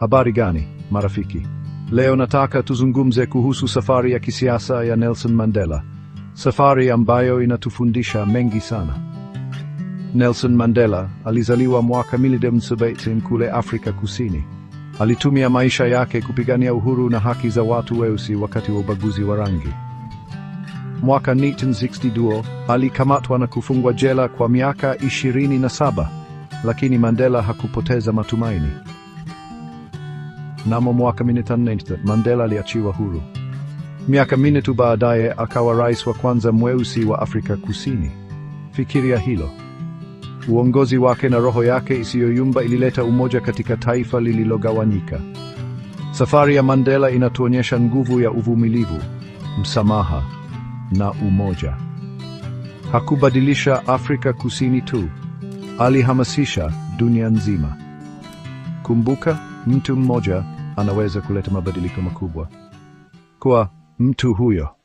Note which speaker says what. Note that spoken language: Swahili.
Speaker 1: Habari gani marafiki? Leo nataka tuzungumze kuhusu safari ya kisiasa ya Nelson Mandela, safari ambayo inatufundisha mengi sana. Nelson Mandela alizaliwa mwaka 1970 kule Afrika Kusini. Alitumia maisha yake kupigania uhuru na haki za watu weusi wakati wa ubaguzi wa rangi. Mwaka 1962 alikamatwa na kufungwa jela kwa miaka 27, lakini Mandela hakupoteza matumaini. Mnamo mwaka mia Mandela aliachiwa huru. Miaka minne tu baadaye akawa rais wa kwanza mweusi wa Afrika Kusini. Fikiria hilo. Uongozi wake na roho yake isiyoyumba ilileta umoja katika taifa lililogawanyika. Safari ya Mandela inatuonyesha nguvu ya uvumilivu, msamaha na umoja. Hakubadilisha Afrika Kusini tu, alihamasisha dunia nzima. Kumbuka, mtu mmoja anaweza kuleta mabadiliko makubwa. Kwa mtu huyo